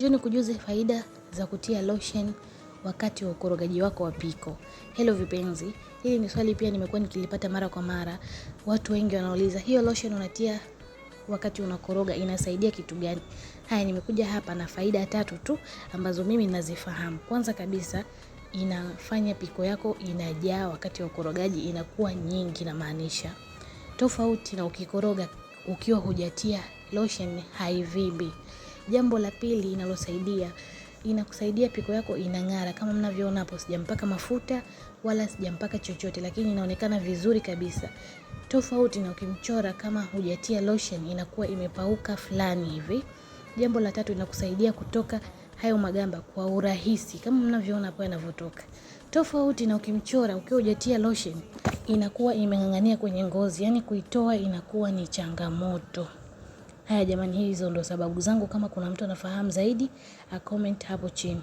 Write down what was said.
Njoo nikujuze faida za kutia lotion wakati wa ukorogaji wako wa piko. Hello vipenzi, hili ni swali pia nimekuwa nikilipata mara kwa mara. Watu wengi wanauliza, hiyo lotion unatia wakati unakoroga inasaidia kitu gani? Haya, nimekuja hapa na faida tatu tu ambazo mimi nazifahamu. Kwanza kabisa, inafanya piko yako inajaa wakati wa ukorogaji, inakuwa nyingi na maanisha Tofauti na ukikoroga ukiwa hujatia lotion haivimbi. Jambo la pili inalosaidia inakusaidia piko yako inang'ara kama mnavyoona hapo, sijampaka mafuta wala sijampaka chochote, lakini inaonekana vizuri kabisa, tofauti na ukimchora kama hujatia lotion, inakuwa imepauka fulani hivi. Jambo la tatu inakusaidia kutoka hayo magamba kwa urahisi, kama mnavyoona hapo yanavyotoka, tofauti na ukimchora ukiwa hujatia lotion, inakuwa imeng'ang'ania kwenye ngozi, yani kuitoa inakuwa ni changamoto. Haya jamani, hizo ndo sababu zangu. Kama kuna mtu anafahamu zaidi, a comment hapo chini.